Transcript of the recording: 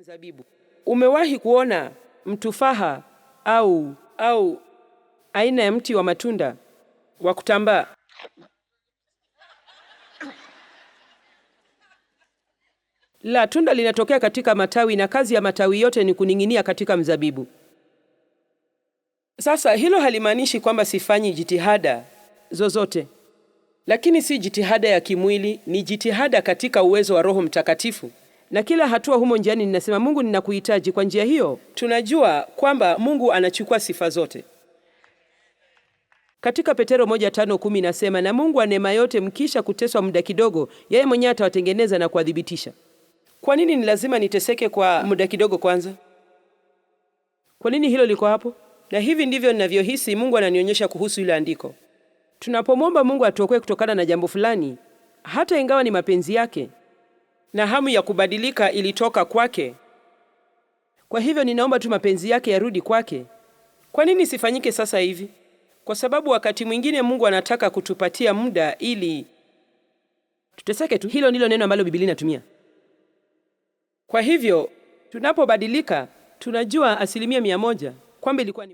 mzabibu. Umewahi kuona mtufaha au au aina ya mti wa matunda wa kutambaa? La, tunda linatokea katika matawi na kazi ya matawi yote ni kuning'inia katika mzabibu. Sasa hilo halimaanishi kwamba sifanyi jitihada zozote, lakini si jitihada ya kimwili, ni jitihada katika uwezo wa Roho Mtakatifu na kila hatua humo njiani ninasema Mungu, ninakuhitaji. Kwa njia hiyo tunajua kwamba Mungu anachukua sifa zote. Katika Petero 1:5:10 tano inasema, na Mungu wa neema yote, mkisha kuteswa muda kidogo, yeye mwenyewe atawatengeneza na kuwadhibitisha. Kwa nini ni lazima niteseke kwa muda kidogo kwanza? Kwa nini hilo liko hapo? Na hivi ndivyo ninavyohisi Mungu ananionyesha kuhusu ile andiko. Tunapomwomba Mungu atuokoe kutokana na jambo fulani, hata ingawa ni mapenzi yake, na hamu ya kubadilika ilitoka kwake. Kwa hivyo ninaomba tu mapenzi yake yarudi kwake. Kwa nini sifanyike sasa hivi? Kwa sababu wakati mwingine Mungu anataka kutupatia muda ili tuteseke tu. Hilo ndilo neno ambalo Biblia inatumia. Kwa hivyo tunapobadilika tunajua asilimia mia moja kwamba ilikuwa ni